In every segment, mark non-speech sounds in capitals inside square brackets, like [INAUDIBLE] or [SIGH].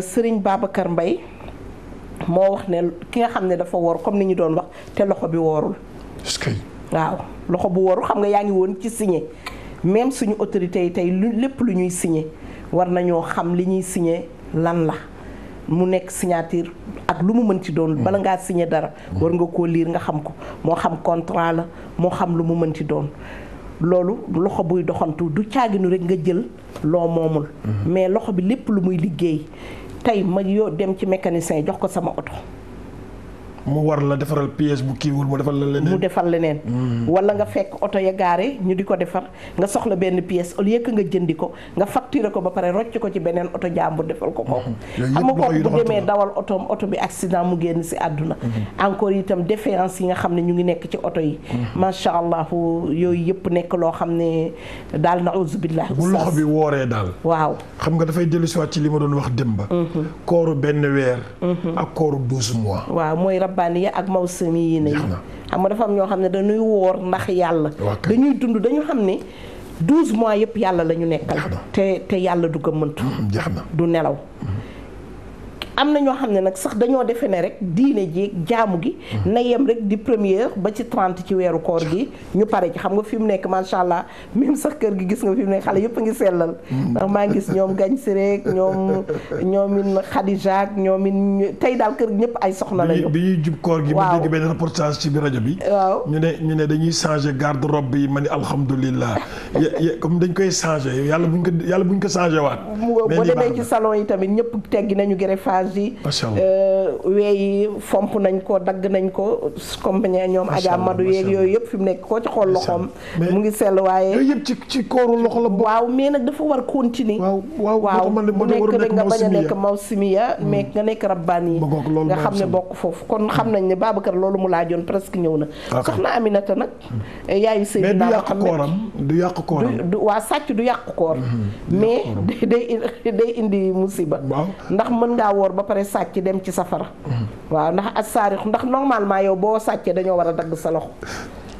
Serigne Babacar mbay moo wax ne ki nga xam ne dafa woor comme ni ñu doon wax te loxo bi woorul. waaw loxo bu woorul xam nga yaa ngi woon ci signé même suñu autorité yi tey lu lépp lu ñuy siñe war nañoo xam li ñuy signé lan la. mu nekk siñaatir ak lu mu mënti doon bala ngaa signé dara war nga koo liir nga xam ko moo xam contrat la moo xam lu mu mënti doon loolu loxo buy doxantu du càgginu rek nga jël loo moomul mm-hmm. mais loxo bi lépp lu muy liggéey tey mag yoo dem ci mécanicien jox ko sama oto mu war la defaral pièce bu kiiwul mu defal la leneen mu defal leneen. Mm. wala nga fekk oto ya gaare ñu di ko defar nga soxla benn pièce au lieu nga jëndi ko nga facturer ko ba pare rocc ko ci beneen oto jàmbur defal ko kooku. Mm-hmm. xam nga kooku bu demee dawal otoom oto bi mu génn si àdduna. Mm-hmm. encore itam défaillance yi nga xam ne ñu ngi nekk ci oto yi. Mm-hmm. macha allah yooyu yëpp nekk loo xam ne daal na auzubillah bu loxo bi wooree daal. waaw xam nga dafay dellusiwaat ci li ma doon wax démb. kooru benn weer. ak kooru douze mois. waaw mooy rab rabbaniya ak mawsimiyiin yi xam nga dafa am ñoo xam ne dañuy woor ndax yàlla dañuy dund dañu xam ni douze mois yëpp yàlla lañu ñu nekkal te te yàlla du gëmmëntu du nelaw mhm. am na ñoo xam ne nag sax dañoo defe ne rek diine ji jaamu gi. Mhm. na yem rek di première ba ci 30 ci weeru koor gi ñu pare ci xam nga fi mu nekk macha allah même sax kër gi gis nga fi mu nekk xale yëpp a ngi mhm. maa ngi gis ñoom gañ si rek ñoom ñoomin Khadija ak ñoomin tey daal kër gi ñëpp ay soxna la ñu. bi ñuy jub koor gi. waaw ma dégg benn reportage ci bi rajo bi. waaw ñu ne ñu ne dañuy changé garde robe yi ma ni alhamdulilah. [LAUGHS] comme dañ koy changé yàlla buñ ko yàlla buñ ko changé waat. mais demee ci salon yi tamit ñëpp orange yi euh, weey yi fomp nañ ko dagg nañ ko compagnie ñoom Adja Madou yooyu yëpp fi mu nekk koo ci xool loxoom mu ngi sell waaye yooyu yëpp ci ci kooru loxo la waaw mais nag dafa war continuer waaw mu nekk rek nga bañ a nekk mawsimiya hmm. mais nga nekk rabbaan yi nga xam ne bokk foofu kon hmm. xam nañ ne Babacar loolu mu laajoon presque ñëw na ah, soxna Aminata nag hmm. eh, yaayu sëy mais du yàq kooram du yàq kooram du waa sàcc du yàq koor mais [LAUGHS] day day indi musiba ndax mën ngaa woor ba pare sàcc dem ci safara waaw ndax as saarix ndax normalement yow boo sàccee dañoo war a dagg sa loxo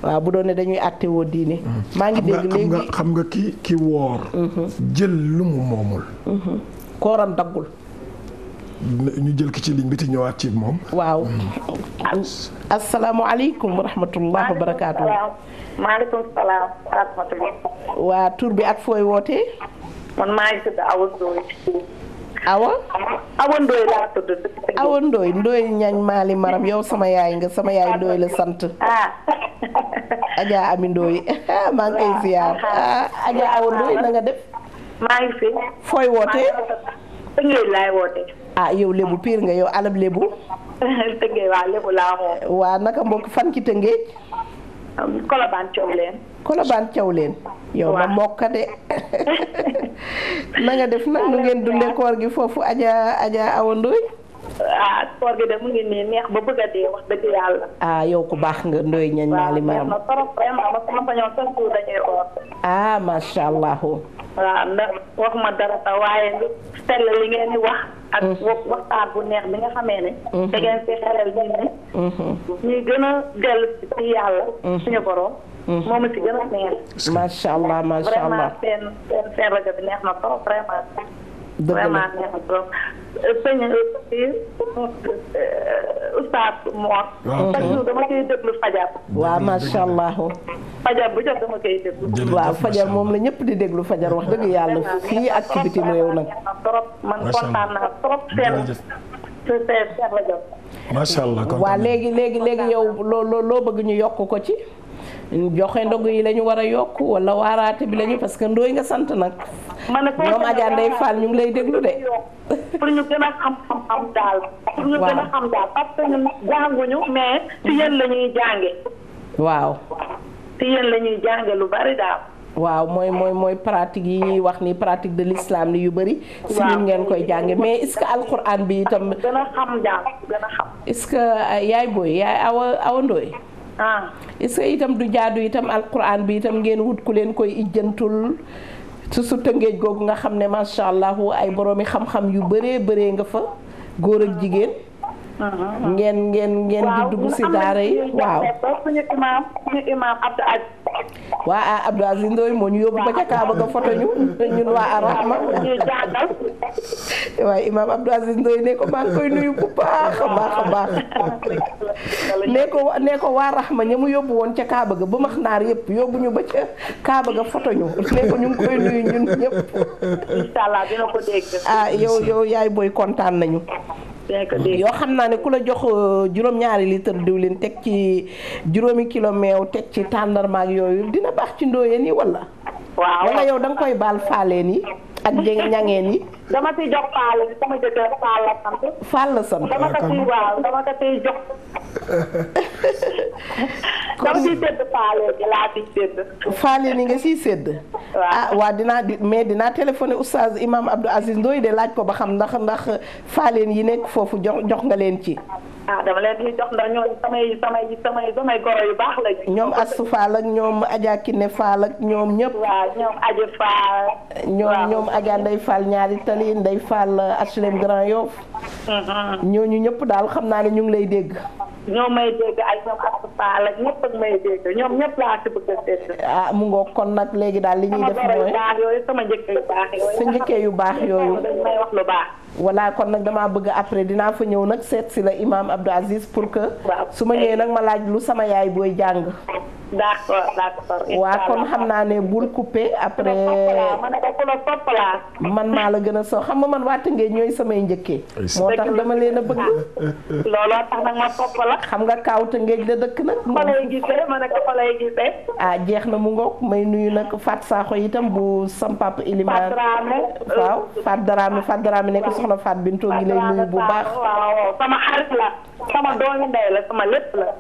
waaw bu doon ne dañuy àttewoo diine maa ngi dégg léegi nga xam nga ki ki woor mhm. jël mhm. daggul ñu jël ki ci ligne bi te ñëwaat ci moom waaw mhm. asalaamaaleykum wa rahmatullah waa tur bi ak fooy wootee man maa Awa Ndoye laa tudd. Awa Ndoye Ndoye ñañ maali maram yow sama yaay nga sama yaay Ndoye la sant. ah. Adja Ami Ndoye ah, maa ngi koy ah, ziar ah, ah Adja Awa Ndoye na def. fooy wootee. Tëngéej laay wootee. ah yow lébu piir nga yow alab lébu. [LAUGHS] Tëngéej waa lébu laa moom. waa naka mbokk um, leen. Colobane Thiaw leen. yow na mokka de [LAUGHS] na nga def nag nu ngeen dundee koor gi foofu Adja Adja Awa Ndoye ah koor gi de mu ngi nii neex ba bëgg dee wax dëgg yàlla. ah ku baax nga Ndoye ñañ naa ah, li maram. waaw trop wax waxtaan bu neex bi nga xamee ne. Mm-hmm. da ngeen si xelal nit ñi. Mm-hmm. ñuy gën a ci yàlla. Mm-hmm. suñu borom. moom la a neex. macha allah macha euh, euh, euh, ah, allah fajar. bu jot dama koy déglu. waaw fajar moom la ñëpp di déglu fajar wax dëgg yàlla fii activité mu nag. trop léegi léegi léegi yow loo loo bëgg ñu yokk ko ci. joxe ndog yi lañu war a yokk wala waaraate bi la parce que ndooy nga sant nag. man ñoom Adja Ndeye Fall ñu ngi lay déglu de. jànguñu mais. ci yéen jànge. waaw. ci yéen jànge lu bari daal. waaw mooy mooy mooy pratique yi ñuy wax ni pratique de l'islam li yu bëri. si ñun ngeen koy jànge mais est-ce que alquran bi itam. gën que euh, yaay booy yaay awa awa ndooy. Ah. est-ce que itam du jaadu itam alquran bi itam ngeen wut ku leen koy ijjantul su su tëngeej googu nga xam ne macha allah ay boroomi xam-xam yu bëree bëree nga fa góor ak jigéen. ngeen ngeen ngeen di dugg si daara yi waaw suñu imaam Abdou Aziz waa ah, moo ñu yóbbu ba ca Kaaba ga foto ñu ñun waa Arahma waaye imaam Abdou Aziz Ndoye ne ko maa ngi koy nuyu bu baax baax a waa Rahma ña mu yóbbu woon ca Kaaba ga ba max naar yëpp yóbbu ñu ba ca Kaaba ga foto ñu nee ñu ngi koy nuyu ñun ñëpp. ah yow yow yaay booy kontaan nañu. yoo xam naa ne ku la jox euh, juróom-ñaari litre diwlin teg ci juróomi kilo meew teg ci tàndarma ak yooyu dina baax ci ndóoyeen yi wala. waaw wala yow da koy baal faaleen yi ak jë ñangeen yi. dama ci la sant. Fall [LAUGHS] yi nga ciy sédd. [LAUGHS] ah waa dinaa di mais dinaa téléphoné oustaz imam Abdou Aziz Ndoye de laaj ko ba xam ndax ndax Fall yi nekk foofu jox jox nga leen ci. ah dama leen ñoom samay samay ñoom Asou ak ñoom Adja Kine ñoom ñëpp. waaw ñoom Adja Fall. ñoom ñoom ñaari tali Ndeye Fall euh, HLM Grand mm-hmm. ñëpp daal xam naa ne ñu ngi lay dégg. ñoom may dégg ah mu ngoo kon nag léegi daal li ñuy def mooy. yu baax yooyu sa njëkkee yu baax yooyu. [LAUGHS] voilà kon nag damaa bëgg après dinaa fa ñëw nag seet si la imam Abdou Aziz pour que. su ma ñëwee nag ma laaj lu sama yaay booy jàng. d'accord kon xam naa ne bul coupé après. man maa la gën a soo xam nga man waa Tëngéej ñooy samay njëkkee. moo tax dama leen a bëgg. Ah. xam nga kaaw Tëngéej la dëkk nag. Ah, jeex na mu ngoog may nuyu nag Fat Sakho itam bu sam Ilimaan. waaw Fat Dramé Fat Dramé nekk soxna Fatou Bintou ngi lay nuyu bu baax sama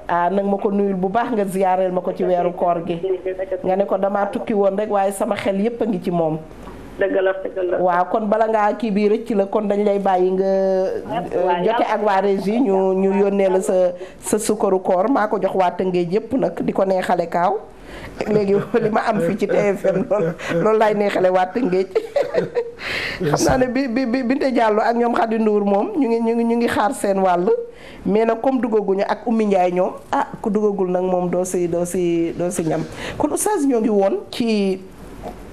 ah, nag ma ko nuyul bu baax nga ziyaareel ma ko ci weeru koor gi nga ne ko damaa tukki woon rek waaye sama xel yépp a ngi ci moom dëgg kon bala ngaa kii bii rëcc la kon dañ lay bàyyi nga euh, jote ak waa régie ñu ñu yónnee la sa sa sukkaru koor maa ko jox waa Tëngéej yépp nag di ko neexale kaaw léegi li ma am fii ci TFM loolu loolu laay neexale waa Tëngéej xam naa ne bi bi Binte Diallo ak ñoom Khady Ndour moom ñu ngi ñu ngi ñu ngi xaar seen wàll mais nag comme duggaguñu ak Oumy Ndiaye ñoom ah ku duggagul nag moom doo si doo si doo si ñam kon oustaz ñoo ngi woon ci.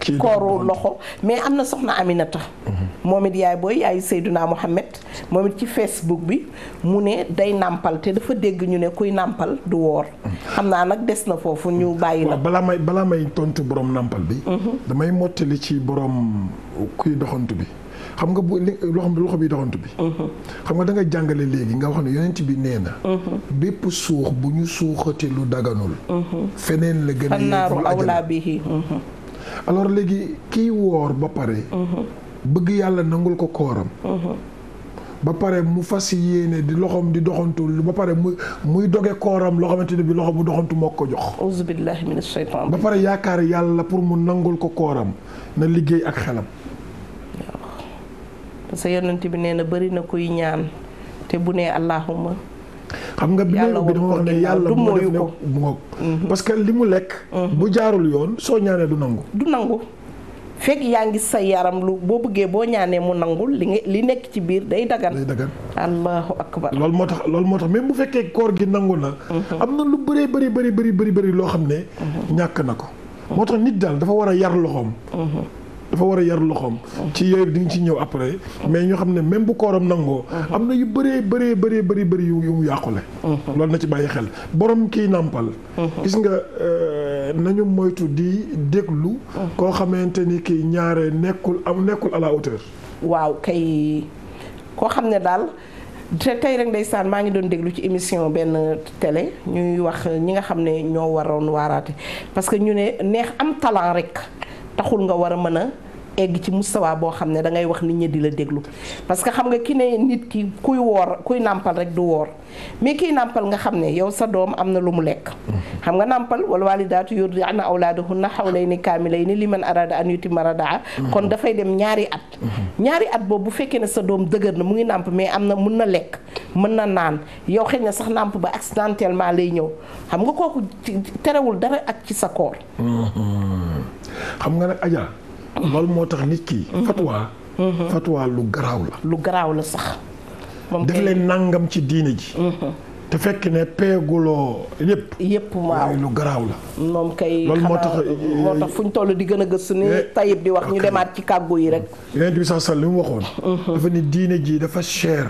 ci kooru loxo mais am na soxna Aminata mhm. moom it yaay booy yaay Seydouna Mohamed moom it ci Facebook bi mu ne day nàmpal te dafa dégg ñu ne kuy nàmpal du woor mhm. xam naa nag des na foofu ñu bàyyi la balaa may balaa may tontu borom nàmpal bi mhm. damay mottali ci borom kuy doxantu bi xam nga bu loxo bi doxantu bi xam nga da nga jàngale léegi nga wax ne yonent bi nee na bépp suux bu ñu suuxate lu daganul feneen la gën a awla bihi alors léegi kiy woor ba pare. Mhm. bëgg yàlla nangul ko kooram. Mhm. ba pare mu fas yéene di loxoom di doxantu ba pare muy doge kooram loo xamante ne bi loxo bu doxantu moo ko jox. auzu billahi mina shaytaan ba pare yaakaar yàlla pour mu nangul ko kooram na liggéey ak xelam. parce que bi nee na bëri na kuy ñaan te bu nee allahuma xam nga bi bi dama wax ne yàlla moo def ne mu ngoog mhm. parce que li mu lekk mhm. bu jaarul yoon soo ñaanee du nangu du nangu fekk yaa ngi sa yaram lu boo bëggee boo ñaanee mu nangul li nga li nekk ci biir day dagan day dagan allahu akbar loolu moo tax loolu moo tax même bu fekkee koor gi nangu na mhm. am na lu bëree bëri bëri bëri bëri bëri loo xam ne ñàkk na ko moo tax nit daal dafa war a yar loxoom dafa war a yar loxoom. ci yooyu di ci ñëw après. mais ñoo xam ne même bu kooram nangoo. am na yu bëree bëree bëree bëri bëri yu mu yàqule. loolu na ci bàyyi xel boroom kii nàmpal. gis nga euh, nañu moytu di déglu. koo xamante ni kii ñaare nekkul am nekkul à hauteur. waaw kay koo xam ne daal. te tey rek ndeysaan maa ngi doon déglu ci émission benn télé ñuy wax ñi nga xam ne ñoo waroon waaraate parce que ñu ne neex am talent rek taxul nga war a mën a egg ci mustawa boo xam ne da ngay wax nit ñi di la déglu parce que xam nga ki ne nit ki kuy woor kuy nàmpal rek du woor mais kiy nàmpal nga xam ne yow sa doom am na lu mu lekk xam nga nàmpal wal walidaatu yurdi'na awlaadahunna hawlayni kaamilayni liman arada an yutimma radaa kon dafay dem ñaari at ñaari at boobu bu fekkee ne sa doom dëgër na mu ngi nàmp mais am na mun na lekk mën na naan yow xëy na sax nàmp ba accidentellement lay ñëw xam nga kooku terewul dara ak ci sa koor mm-hmm. xam nga nag Adja. lool moo tax nit ki. Mm-hmm. fatwa. Mm-hmm. fatwa lu garaaw la. lu garaaw la sax. def leen nangam ci diine ji. Mm-hmm. te fekk ne peeguloo yëpp. yëpp waaw lu garaaw la. moom kay loolu moo tax moo tax fu ñu toll di gën a gëstu ni eh, tayib di wax ñu demaat ci kàggu yi rek. yonent bi sax sax li mu waxoon. dafa ni diine ji dafa cher.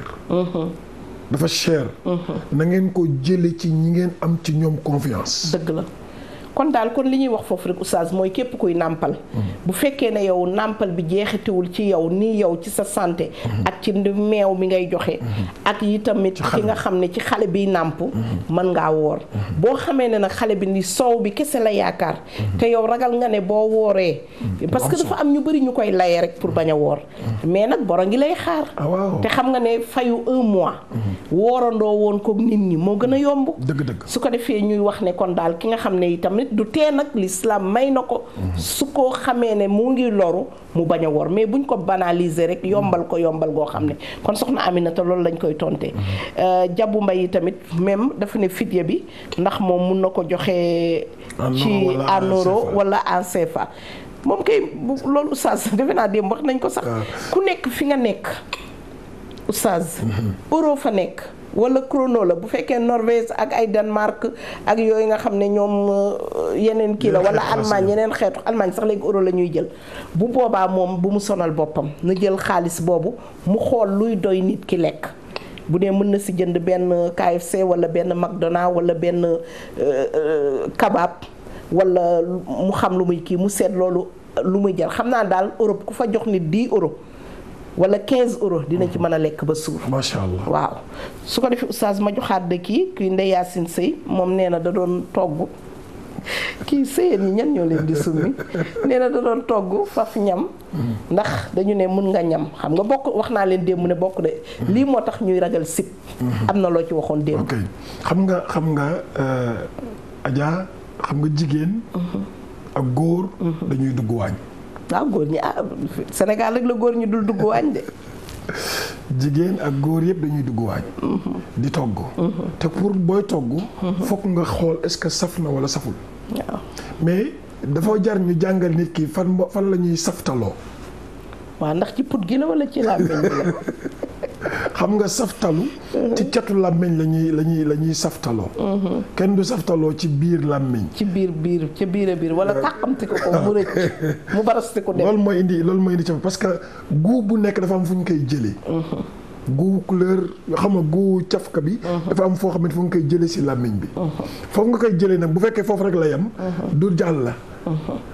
dafa cher. na ko jële ci ñi ngeen am ci ñoom confiance. dëgg la. kon daal kon li ñuy wax foofu rek oustaz mooy képp kuy nàmpal mm-hmm. bu fekkee ne yow nàmpal bi jeexitewul ci yow nii yow ci sa santé mm-hmm. ak ci meew mi ngay joxe mm-hmm. ak yi tamit ci nga xam ne ci xale biy nàmp mën ngaa woor boo xamee ne nag xale bi ni soow bi kese la yaakaar te yow ragal nga ne boo wooree parce que am ñu bëri ñu koy laye rek pour bañ a woor mais nag boro ngi lay xaar ah, te xam nga ne fayu un mois woorandoo woon ko nit ñi moo gën a yomb dëgg dëgg su ko defee ñuy wax ne kon daal ki nga xam ne itam du tee nag lislaam may na ko su ko xamee ne mu ngi loru mu bañ a wor mais buñ ko banaliser rek yombal ko yombal goo xam ne kon soxna Aminata loolu lañ koy tonte euh, jabu mbay tamit même dafa ne fidya bi ndax moom mun na ko joxe ci en wala en CFA moom kay loolu oustaz [LAUGHS] defe naa démb wax nañ ko sax ah. ku nekk fi nga nekk oustaz mm-hmm. euro fa nekk wala chrono la bu fekkee Norvège ak ay Danemark ak yooyu nga xam ne ñoom euh, yeneen kii la wala Allemagne yeneen xeetu Allemagne sax léegi euro la ñuy jël bu boobaa moom bu mu sonal boppam na jël xaalis boobu mu xool luy doy nit ki lekk bu dee mën na si jënd benn KFC wala benn McDonald wala benn euh, euh, kabab wala mu xam lu muy kii mu seet loolu lu muy jël xam naa daal Europe ku fa jox nit 10 euro wala quinze euros dina ci mën a lekk ba suur. macha allah waaw su ko defee oustaz ma joxaat de kii kii Ndeye Yacine Sey moom nee na da doon togg [LAUGHS] kii sëyeen ñi ñan ñoo leen di summi [LAUGHS] nee da doon togg faf ñam. ndax dañu ne mun nga ñam xam nga bokk wax naa leen démb ne bokk de. lii moo tax ñuy ragal sip. am na loo ci waxoon démb. xam nga xam nga euh, Adja xam nga jigéen. Mhm. ak góor mhm. dañuy dugg waañ. waaw góor ñi ah Sénégal rek la góor ñi dul dugg waañ de. jigéen ak góor yëpp dañuy dugg waañ mm-hmm. di togg. Mm-hmm. te pour booy togg. Mm-hmm. fokk nga xool est-ce que saf na walla saful. waaw mais dafa jar ñu jàngal nit ki fan fan la ñuy saftaloo. waa ndax ci put gi la walla ci làmmiñ bi la. [LAUGHS] xam nga saftalu ci catu làmmiñ lañuy lañuy la ñuy saftaloo kenn du saftaloo ci biir làmmiñ ci biir biir ci biir a biir wala euh, tàqamti ko ko mu rëcc mu barasti dem loolu mooy indi loolu mooy indi ca parce que guu bu nekk dafa am fu ñu koy jëlee guu couleur xam nga guu cafka bi dafa am foo xam ne fu nga koy jëlee si làmmiñ bi foofu nga koy jëlee nag bu fekkee foofu rek la yem du jàll la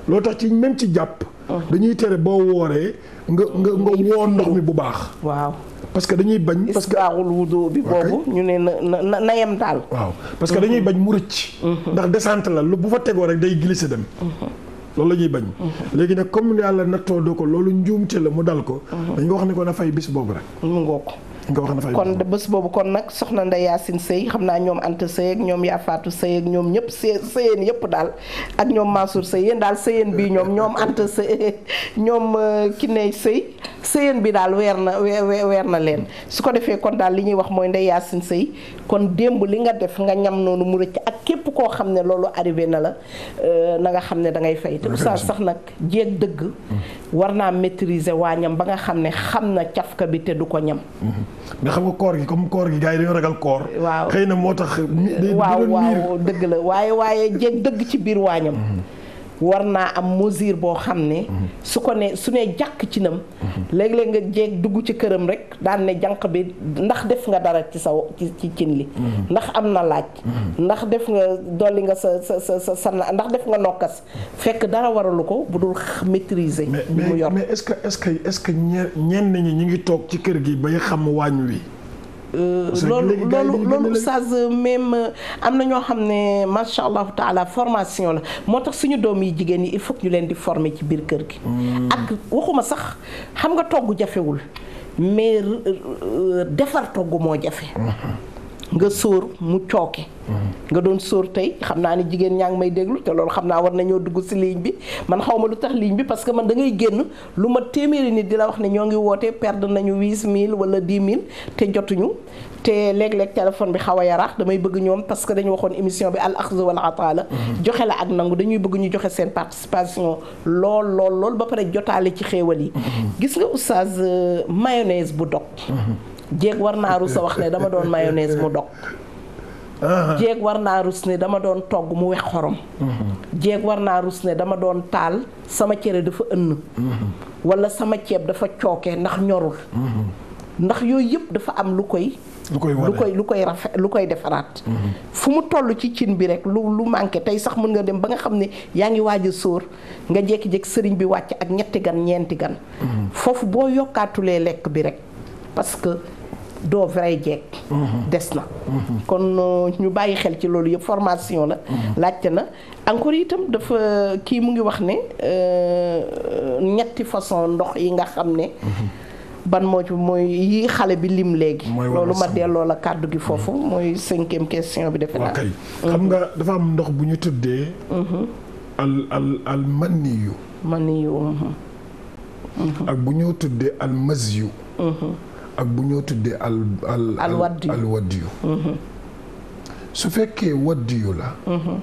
loo tax ci même ci jàpp. dañuy tere boo wooree nga nga nga woo ndox mi bu baax. waaw parce que dañuy bañ. parce que isbaaxul wudu bi boobu. ñu na na na waaw parce que dañuy bañ mu rëcc. Mhm. ndax descente la lu bu fa tegoo rek day glissé dem. Mhm. loolu la ñuy bañ. Mhm. léegi nag comme yàlla na do ko loolu njuumte la mu dal ko. dañ ko wax ne ko na fay bis boobu rek. mu ngoog. kon bés boobu kon nag soxna Ndeye Yacine Seye xam naa ñoom Anta Seye ak ñoom Yaa Fatou Seye ak ñoom ñëpp Seye Seyeen yëpp daal ak ñoom Mansour Seye yéen daal Seyeen bi ñoom ñoom Anta Seye [LAUGHS] ñoom euh, Kiné sëy Seyeen bi daal weer na weer na leen su ko defee kon daal li ñuy wax mooy Ndeye Yacine Seye kon démb li nga def nga ñam noonu mu rëcc ak képp koo xam ne loolu arrivé na la euh, na nga xam ne da ngay fay te oustaz sax nag jéeg dëgg mm. war naa maîtriser waa ñam ba nga xam ne xam na cafka bi te du ko ñam mm-hmm. mais xam nga koor gi comme koor gi gars yi dañoo ragal koor. waaw xëy na moo tax. waaw waaw dëgg la waaye waaye jéeg dëgg ci biir waañam. Mhm. war naa am mesure boo xam ne su ko ne su ne jàkk ci nam léeg-léeg nga jeeg dugg ci këram rek daan ne jànq bi ndax def nga dara ci sa ci cin li ndax am na laaj ndax def nga dolli nga sa sa sa sa ndax def nga nokkas fekk dara waralu ko bu dul maîtriser mu yor mais est-ce que est-ce que est-ce que ñenn ñi ñu ngi toog ci kër gi bay xam waañ wi Euh, loolu loolu loolu oustaz même euh, am na ñoo xam ne macha allahu taala formation la moo tax suñu doom yi jigéen ñi il faut ñu leen di former ci biir kër gi. Hmm. ak waxuma sax xam nga togg jafewul mais euh, defar togg moo jafe. Hmm. nga sóor mu cooke. nga doon sóor tey xam naa ne jigéen ñaa ngi may déglu te loolu xam naa war nañoo dugg si ligne bi man xaw ma lu tax ligne bi parce que man da ngay génn lu ma téeméeri nit di la wax ne ñoo ngi woote perd nañu huit mille wala dix mille te jotuñu te léeg-léeg téléphone bi xaw a yaraax damay bëgg ñoom parce que dañu waxoon émission bi al axzu wal ataa la mhm. joxe la ak nangu dañuy bëgg ñu joxe seen participation lool lool lool ba pare jotaale ci xéewal yi. Mhm. gis nga oustaz euh, mayonnaise bu dog mhm. jéeg war naa rus a wax ne dama doon mayonnaise mu dog ah. jéeg war naa rus ne dama doon togg mu wex xorom jéeg war naa rus ne dama doon taal sama cere dafa ënn wala sama ceeb dafa cooke ndax ñorul ndax yooyu yëpp dafa am lu koy lu koy lu koy rafet lu koy defaraat fu mu toll ci cin bi rek lu lu manqué tey sax mën nga dem ba nga xam ne yaa ngi waaja sóor nga jékki-jékki sëriñ bi wàcc ak ñetti gan ñeenti gan mm-hmm. foofu boo yokkaatulee lekk bi rek parce doo vrai jeeg mm-hmm. des na mm-hmm. kon euh, ñu bàyyi xel ci loolu yëpp formation la mm-hmm. laajte na encore itam dafa kii mu ngi wax ne euh, ñetti façon ndox yi nga xam ne ban moo ci mooy yi xale bi lim léegi loolu ma delloo la kàddu gi foofu mooy cinquième question bi defe naa xam nga dafa am ndox bu ñu tuddee al al al maniyu maniyu ak bu ñu tuddee al masiyu ak bu ñoo tuddee al al al waddiyu mm-hmm. su fekkee waddiyu la mm-hmm.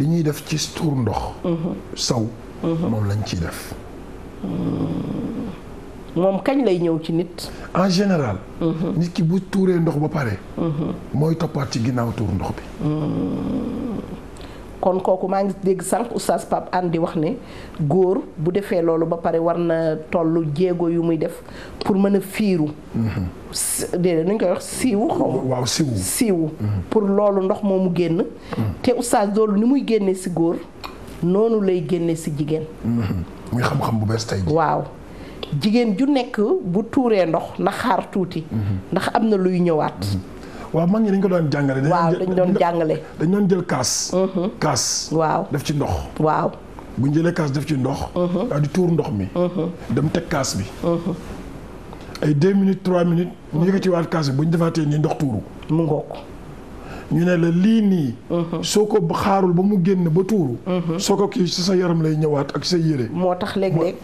li ñuy def ci tuur ndox mm-hmm. saw moom lañ ciy def moom kañ lay ñëw ci nit en général nit ki bu tuuree ndox ba pare mooy toppaat ci ginnaaw tuur ndox bi kon kooku maa ngi dégg sànq oustaz pab Anne di wax ne góor bu defee loolu ba pare war na tollu jéego yu muy def pour mën a fiiru mhm. déedéet nuñ koy wax siiwu mhm. pour loolu ndox moomu génn mhm. te oustaz loolu ni muy génne si góor noonu lay génne si jigéen muy xam-xam bu bees tey waaw jigéen ju nekk bu tuuree ndox na xaar tuuti ndax am na luy ñëwaat waaw mag ñi dañ ko doon jàngale. waaw dañ doon jàngale. dañ doon jël kaas. Mm-hmm. kaas. waaw def ci ndox. waaw bu ñu jëlee kaas def ci ndox. Mm-hmm. daal di tuur ndox mi. Mm-hmm. dem teg kaas bi. ay deux minutes trois minutes. ñu yëkkati waat kaas bi bu ñu defaatee nii ndox tuuru. mu ngoog. ñu ne la lii nii. Uh-huh. soo ko xaarul ba mu génn ba tuuru. Uh-huh. soo ko kii ci sa yaram lay ñëwaat ak sa yére. moo tax léeg-léeg.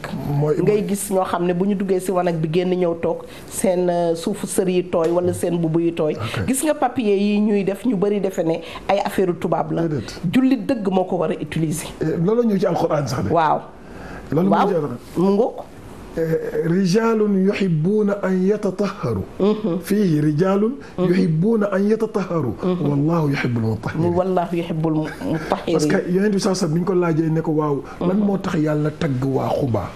ngay gis ñoo xam ne bu ñu duggee si wanag bi génn ñëw toog seen uh, suufu sër yi tooy wala hmm. seen bubu yi tooy. gis nga papier yi ñuy def ñu bëri defe ne ay affaire tubaab la. jullit dëgg moo ko war a utiliser. Eh, loolu ñu ci alxuraan sax de. waaw. loolu moo rijalun yuhibbuuna an yatatahharu mhm. fiihi rijalun mhm. yuhibbuuna an yatatahharu mhm. wallahu yuhibbul mutahhirin wallahu yuhibbul mutahhirin parce que yonent bi sax bi ñu ko laajee ne ko waaw lan moo tax yàlla tagg waa xubaa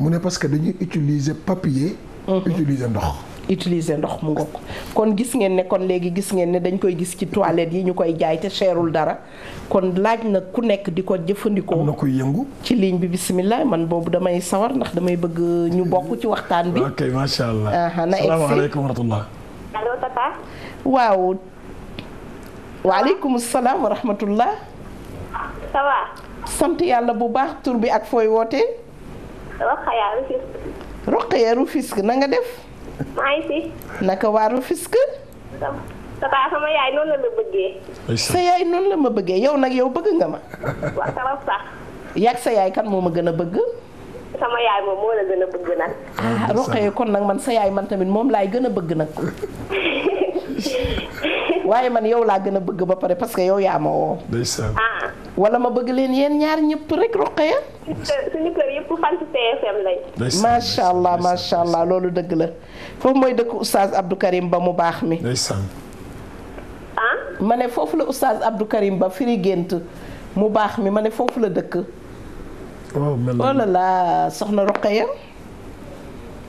mu ne parce que dañuy utiliser papier utiliser ndox utiliser ndox mu ngoog kon gis ngeen ne kon léegi gis ngeen ne dañ koy gis ci toilette yi ñu koy jaay te seerul dara kon laaj na ku nekk di ko jëfandikoo. am yëngu. ci ligne bi bisimilah man boobu damay sawar ndax damay bëgg ñu bokk ci waxtaan bi. ok macha allah na salaamaaleykum wa rahmatulah. allo waaw. waaleykum salaam wa rahmatulah. yàlla bu baax tur bi ak fooy wootee. Roqaya Rufisque. Roqaya Rufisque na def. maa ngi fi. naka waa Rufisque. papa sama yaay noonu la ma bëggee. sa yaay noonu la ma bëggee yow nag yow bëgg nga ma. waaw sa yaay moo ma gën a bëgg. moom moo la gën a bëgg nag. Ah, roqee kon nag man sa yaay man tamit moom laay gën a bëgg nag. [LAUGHS] waaye man yow laa gën a bëgg ba pare parce que yow yaa ma woo. wala ma bëgg leen yéen ñaar ñëpp rek Roqeya. suñu allah macha allah loolu dëgg la foofu mooy dëkk oustaz Abdou ba ah? mu baax mi. ma ne foofu la oustaz Abdou ba firi gént mu baax mi ma foofu la dëkk. oh mel la oh soxna Roqeya.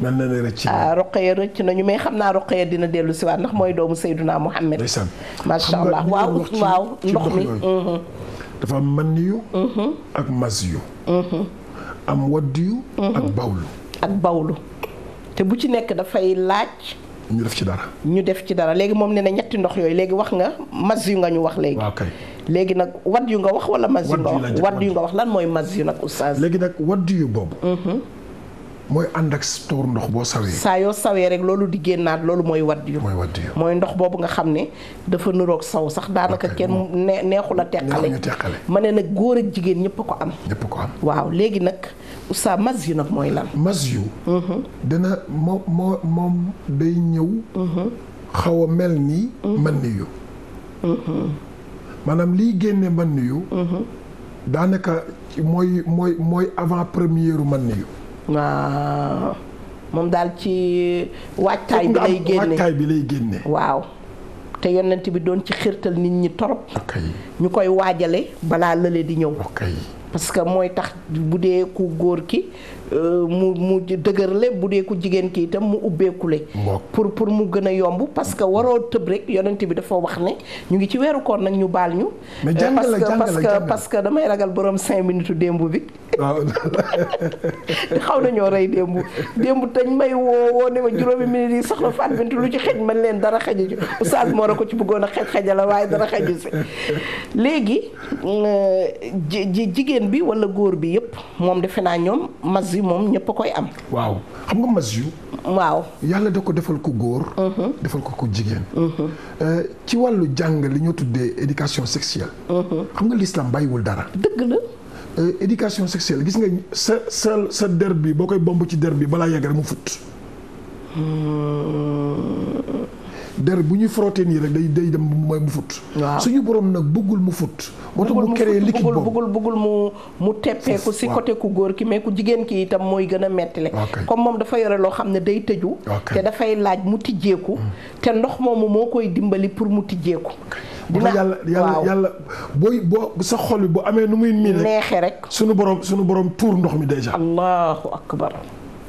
mel na ne rëcc na ah Roqeya nañu mais xam naa Roqeya dina dellu si waat ndax mooy doomu Seydouna Muhammad. ndeysaan allah waaw waaw ndox mi. Mhm. dafa man manniyu uh-huh. ak masiyu uh-huh. am waddiyu uh-huh. ak bawlu ak bawlu te bu ci nekk dafay laaj ñu def ci dara ñu def ci dara léegi moom nee na ñetti ndox yooyu léegi wax nga mas yu nga ñu wax léegi waaw léegi nag wadd yu nga wax wala mas yu nga wax wadd yu nga wax lan mooy mas yu nag oustaz léegi nag wadd yu boobu mooy ànd ak tawur ndox boo sawee. saa yoo sawee rek loolu di génnaat loolu mooy waddiyu. mooy waddiyu mooy ndox boobu nga xam ne dafa nuroog saw sax daanaka kenn nee neexu la teqale. ma ne nag góor ak jigéen ñëpp ko am. ñëpp ko am waaw léegi nag oustaz mas yu nag mooy lan. mas yu. Mm-hmm. dana moo moom day ñëw. Mm-hmm. xaw a mel ni. Mm-hmm. man yu. maanaam liy génne man yu. daanaka mooy mooy mooy avant première man yu. waaw moom daal ci waajtaay bi lay génne waajtaay bi lay génne waaw te yonent bi doon ci xirtal nit ñi torop ñu koy waajale balaa lële di ñëw parce mooy tax bu dee ku góor ki Euh, mu mu dëgërle bu dee ku jigéen ki itam mu ubbeekule pour pour mu gën a yomb parce que waroo tëb rek yonent bi dafa wax ne ñu ngi ci weeru koor nag ñu baal ñu euh, parce que parce que damay ragal borom cinq minutes démb bi waaw [LAUGHS] xaw nañoo rey démb démb dañ may woo woo ne ma juróomi minutes yi soxla Fatou Bintou lu ci xëj man leen dara xëju ci oustaz Mor a ko ci bëggoon a xëj xëjala waaye dara xëju si léegi euh, ji jigéen bi wala góor bi yëpp moom defe naa ñoom mas moom ñëpp a koy am. waaw xam nga mesure. waaw yàlla da ko defal ko góor. Mm-hmm. defal ko ko jigéen. Mm-hmm. Euh, ci wàllu jàng li ñoo tuddee éducation sexuelle. Mm-hmm. xam nga l'islam bàyyiwul dara. dëgg la. Euh, éducation sexuelle gis nga sa sa sa der bi boo koy bomb ci der bi balaa yàgg rek mu fut. Hmm. der bu ñuy frotté nii rek day dem mooy mu fut. suñu borom nag bëggul mu fut. moo tax mu créé liquide boobu bëggul bëggul mu mu teppeeku si côté ku góor ki mais ku jigéen ki itam mooy gën a mettile comme moom dafa yore loo xam ne day tëju. te dafay laaj mu tijjeeku. Hmm. te ndox moomu moo koy dimbali pour mu tijjeeku. dina yàlla yàlla yàlla booy boo sa xol bi bu amee nu muy. neexee rek suñu borom suñu borom tuur ndox mi déjà. allahu akbar.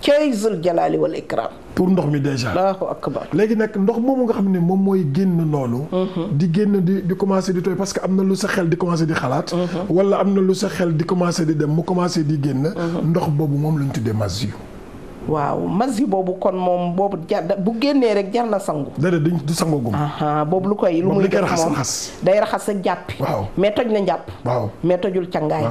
cey zul jalaali wal ikram pour ndox mi déjà allahu akbar léegi nag ndox moomu nga xam ne moom mooy génn noonu mhm. di génn di di commencé di tooy parce que am na lu sa xel di commencé di xalaat mhm. wala am na lu sa xel di commencé di dem mu commencé di génn mhm. ndox boobu moom lañu tuddee mas yu waaw mazi boobu kon moom boobu jar bu génnee rek jar na sangu. déedéet du sangu gum. boobu lu koy lu muy def moom day raxas ak jàppi. waaw mais toj na njàpp. waaw mais tojul cangaay.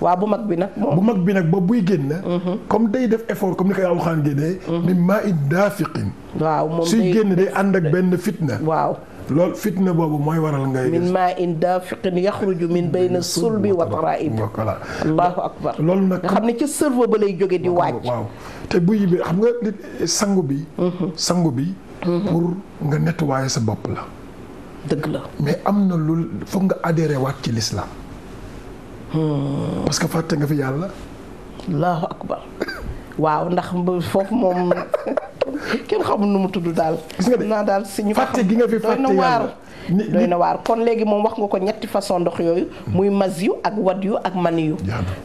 waaw bu mag bi nag moom. bu mag bi nag ba buy génn. Mhm. comme day def effort comme ni koy alxuraan génnee. Mhm. ni maa it daafiqin. waaw moom suy génn day ànd ak benn fitna. waaw. loolu fitna boobu mooy waral ngay. min maa in daafiqin yaxruju min bayna sulbi wa taraib allahu akbar loolu nag nga xam ne ci cerveau ba lay jóge di waaj. waaw te bu yibee xam nga sangu bi. Mhm. sangu bi. Mhm. pour nga nettoyer sa bopp la. dëgg la mais am na lu foog nga adhéré waat ci lislaam hmm. parce que fàtte nga fi yàlla. allahu akbar waaw ndax foofu moom. [LAUGHS] kenn xamul mu tudd daal. naa daal si ñu. fàtte gi nga fi fàtte yàlla doy na waar kon léegi moom wax nga ko ñetti façon ndox yooyu muy mas yu ak wad yu ak mani yu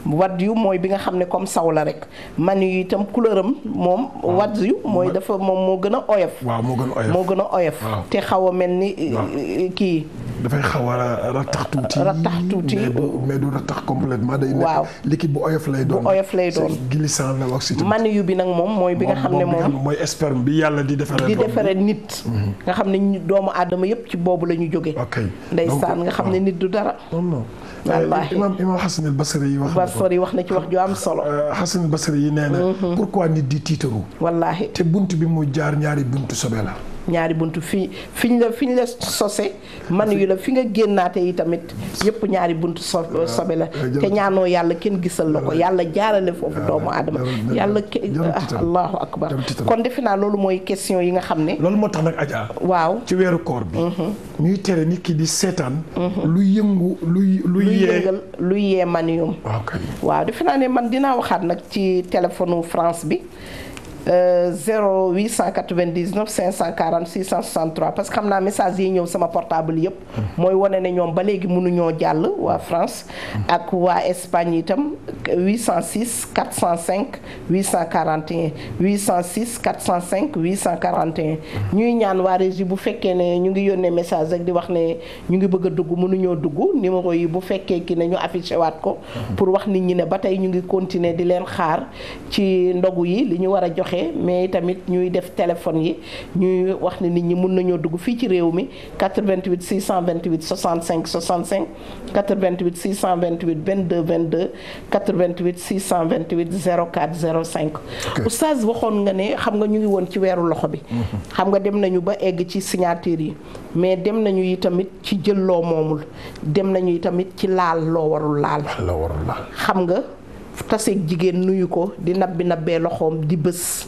wad yu mooy bi nga xam ne comme saw la rek mani yu itam couleur moom wad mooy dafa moom moo gën a oyof waaw moo gën a moo gën a oyof te xaw a mel ni eh, eh, kii dafay xaw a rattax tuuti rattax tuuti mais du rattax complètement day nekk waaw liquide bu oyof lay doon bu oyof lay doon glissant la wax si mani yu bi nag moom mooy bi nga xam ne moom mooy sperme bi yàlla di defaree di nit mhm. nga xam ne doomu aadama yëpp ci boobu boobu la ñu jógee. ok ndeysaan nga xam ne ah. nit du dara. Euh, wallaahi imaam imaam Xasan al Basri yi wax na yi wax na ci wax ju am solo. Xasan euh, al yi nee na. Mhm. pourquoi nit di tiitaru. wallaahi te bunt bi mu jaar ñaari bunt sobe la. ñaari buntu fi fi fiñ la ñu la sose man yu la fi nga génnaate yi tamit yëpp ñaari buntu so ah, sobe la ah, te ñaanoo yàlla kenn gisal la ko ah, yàlla jaarale foofu doomu aadama yàlla ke allahu akbar kon defe naa loolu mooy question yi nga xam ne loolu moo tax nag Adja waaw ci weeru koor bi mm-hmm. ñuy tere nit ki di seetaan mm-hmm. lu yëngu luy lu yëngal lu yee man yum waaw defe naa ne man dinaa waxaat nag ci téléphone France bi 0899 540 663 parce que xam naa message yi ñëw sama portable yëpp. mooy wane ne ñoom ba léegi mënuñoo jàll waa France. ak waa Espagne itam 806 405 841 806 405 841. ñuy ñaan waa régie bu fekkee ne ñu ngi yónnee message rek di wax ne ñu ngi bëgg a dugg mënuñoo dugg numéro yi bu fekkee ki nañu ñu waat ko. pour wax nit ñi ne ba tey ñu ngi continuer di leen xaar ci ndogu yi li ñu war a jox waxee mais tamit ñuy def téléphone yi ñuy wax ne nit ñi mun nañoo dugg fii ci réew mi 88 628 65 65 88 628 22 22 88 628 04 05. oustaz waxoon nga ne xam nga ñu ngi woon ci weeru loxo bi. Mhm. xam nga dem nañu ba egg ci signature yi mais dem nañu yi tamit ci jël loo moomul dem nañu yi tamit ci laal loo warul laal. loo warul laal xam nga. taseeg jigéen nuyu ko di nabbi nabbee loxoom di bës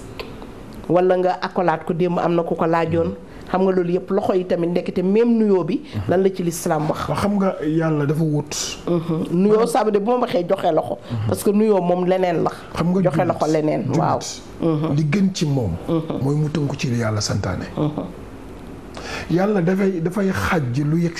wala nga akolaat ko démb am na ku ko laajoon xam nga loolu yëpp loxo yi tamit ndekete même nuyoo bi. Mhm. lan la ci lislaam wax. xam nga yàlla dafa wut. Mhm. nuyoo saabu de ma waxee joxe loxo. Mhm. parce que nuyoo moom leneen la. xam nga joxe loxo leneen waaw. li gën ci moom. mooy mu tënku ci li yàlla santaane. yàlla dafay dafay xàjj lu yegg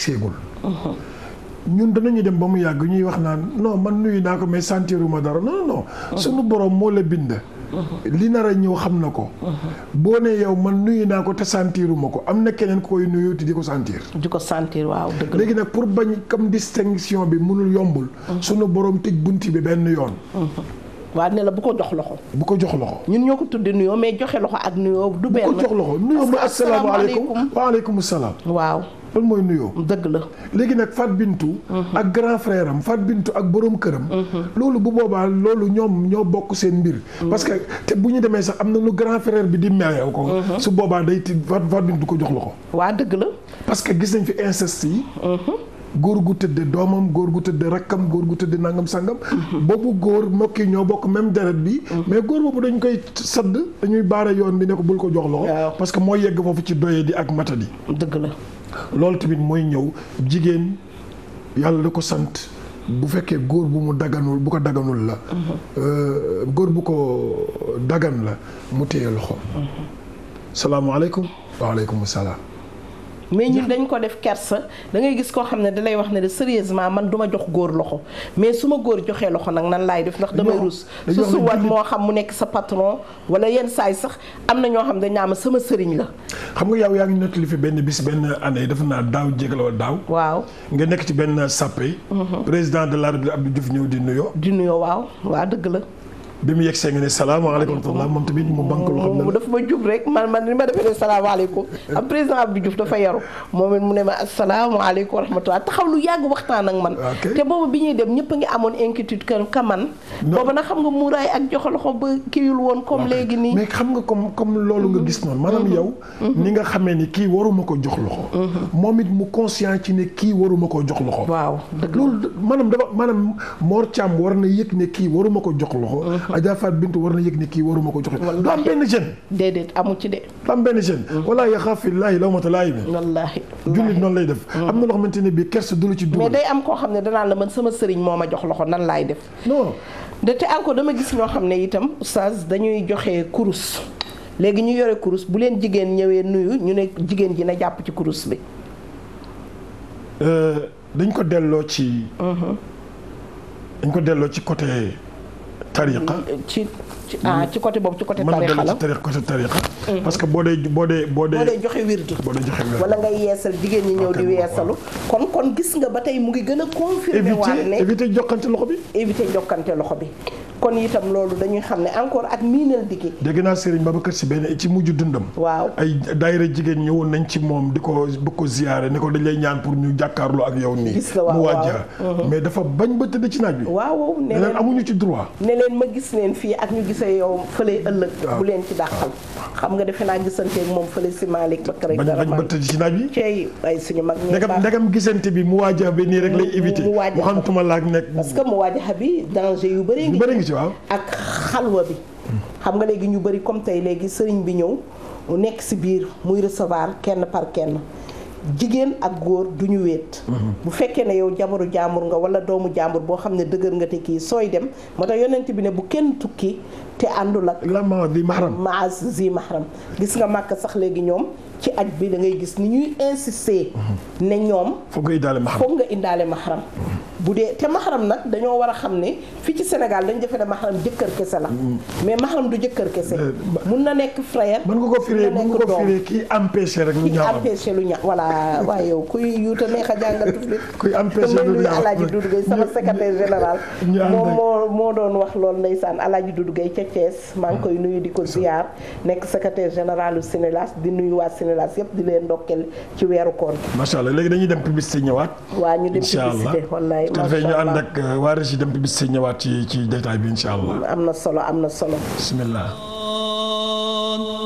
ñun ñu dem ba mu yàgg ñuy wax naan non man nuyu naa ko mais sentiruma dara non non mm-hmm. sunu borom moo la bind. Mm-hmm. li nar ñëw xam na ko. Mm-hmm. boo ne yow man nuyu naa ko te sentiruma ko am na keneen koy nuyu di ko sentir. di ko sentir waaw dëgg léegi nag pour bañ comme distinction bi mënul yombul. sunu borom tëj bunt bi benn yoon. waa ne la bu ko jox loxo. bu ko jox loxo. ñun ñoo ko tuddee nuyoo mais joxe loxo ak nuyoo. du benn bu ko jox loxo nuyoo mooy asalaamaaleykum waaleykum salaam. waaw. loolu mooy nuyoo. dëgg la léegi nag Fat bintu mhm. ak grand frère am Fat Bintou ak borom këram. Mhm. loolu bu boobaa loolu ñoom ñoo bokk seen mbir. Mhm. parce que te bu ñu demee sax am na lu grand frère bi di meew ko. su boobaa day ti Fat Fat Bintou ko jox la ko. waa dëgg la. parce que gis nañ fi inceste yi. góor gu tëdd doomam góor gu tëdd rakkam góor gu tëdd nangam sangam. boobu góor mokki ñoo bokk même deret bi. mais góor boobu dañ koy sadd dañuy baare yoon bi ne ko bul ko jox loxo. parce que moo yegg foofu ci doye di ak matadi. dëgg la. loolu tamit mooy ñëw jigéen yàlla da ko sant bu fekkee góor bu mu daganul bu ko daganul la euh, góor bu ko daggan la mu téye loxo mm-hmm. salaamaaleykum waaleykum salaam mais ñun dañ ko def kersa da ngay gis koo xam ne dalay wax ne de sérieusement man duma jox góor loxo mais su ma góor joxee loxo nag nan laay def ndax damay rus su suwat moo xam mu nekk sa patron wala yenn saay sax am na ñoo xam dañ naa ma sama sëriñ la xam nga yow yaa ngi nettali fi benn bis benn année dafa naa daaw jégal wala daaw waaw nga nekk ci benn sàppe mhm. président de la République Abdou Diouf ñëw di nuyoo di nuyoo waaw waa dëgg la bi mu yegsee nga ne salaamaaleykum rahmatulah moom tamit mu banque loxo bi. dafa ma jub rek man man ni ma defee ne salaamaaleykum am président Abdou Diouf dafa yaru moom it mu ne ma asalaamaaleykum rahmatulah taxaw lu yàgg waxtaan ak man. te boobu bi ñuy dem ñëpp a ngi amoon inquiétude kër ka man. boobu nag xam nga muuraay ak jox loxo ba kiyul woon comme léegi nii. mais xam nga comme comme loolu nga gis noonu. maanaam mhm. yow. Mhm. ni nga xamee ni kii waruma ko jox loxo. Mhm. moom it mu conscient ci ne kii waruma ko jox loxo. waaw loolu maanaam dafa maanaam Mor Thiam war na yëg ne kii waruma ko jox loxo. Adja Fatou Bintou war na yëg ni kii waruma ko joxe du am benn jeune déedéet amu ci de du am benn jeune walaa yaxaafu lillaahi lawmata laa'im wallaahi jullit noonu lay def mm. am na loo xamante ne bii kersa dulu ci am koo xam ne danaan la man sama sëriñ moo ma jox loxo nan laay def non de te encore dama gis ñoo xam ne itam oustaz dañuy joxe kurus léegi ñu yore kurus bu leen jigéen ñëwee nuyu ñu ne jigéen ji na jàpp ci kurus bi euh, dañ ko delloo ci mm-hmm. dañ ko delloo ci côté tariqa euh, ci ah, ci côté boobu ci côté tariqa la côté tariqa mm-hmm. parce que boo dee boo dee boo dee joxe wirdu boo dee joxe wirdu wala ngay yeesal jigéen ñi ñëw di weesalu kon kon gis nga ba tey mu ngi gën a confirmer waat ne éviter jokkante loxo bi éviter jokkante loxo bi kon itam loolu dañuy xam ne encore ak miinal dikki dégg naa Serigne Babacar Sy benn ci mujj dundam waaw ay daayira jigéen ñëwoon nañ ci moom di ko bëgg ko ziyaare ne ko dañ lay ñaan pour ñu jàkkaarloo ak yow nii mu wàjja mhm. mais dafa bañ ba tëdd ci bi waaw ne leen amuñu ci droit ne leen ma gis leen fii ak ñu gisee yow fële ëllëg bu leen ci xam nga defe naa gisanteeg moom fële si Malick ba kër bañ ba tëdd ci naaj bi cey ay suñu mag ndegam ndegam gisante bi mu wàjja bi nii rek lay éviter mu xam tuma laak nekk parce que mu wàjja bi danger yu bëri ngi waaw ak xalwa bi. xam nga léegi ñu bëri comme tey léegi sëriñ bi ñëw mu nekk si biir muy recevoir kenn par kenn. jigéen ak góor du ñu wéet mhm. bu fekkee ne yow jabaru jaambur nga wala doomu jaambur boo xam ne dëgër nga te kii sooy dem moo tax yonent bi ne bu kenn tukki te àndul ak la ma di mahram maas zi mahram gis nga màkk sax léegi ñoom ci aj bi da ngay gis ni ñuy insister. ne ñoom. foog nga indaale maxaram nga indaale maxaram. bu dee te maxaram nag dañoo war a xam ne fii ci Sénégal dañ defe ne maxaram jëkkër kese la. Mm. mais maxaram du jëkkër kese. mun na nekk frère. mën nga ko firee mën nga ko firee kii empêché rek. lu ñaaw empêché lu ñaaw voilà waaye yow kuy yuuta neex a jàngal tuuti. [LAUGHS] kuy empêché lu ñaaw Alaaji Doudou Gueye sama secrétaire général. moom moo moo doon wax loolu ndeysaan Alaaji Doudou Gueye ca Thiès. maa ngi mm. koy nuyu di ko ziar nekk secrétaire général u Sénélas di nuyu waa Seras yëpp di leen ndokkeel ci weeru koor gi. allah léegi dañuy dem publicité ñëwaat. waa ñu dem publicité wallaay macha allah ñu ànd ak euh, waa Régis dem publicité ñëwaat ci ci bi incha allah. am na solo am na solo. bismillah.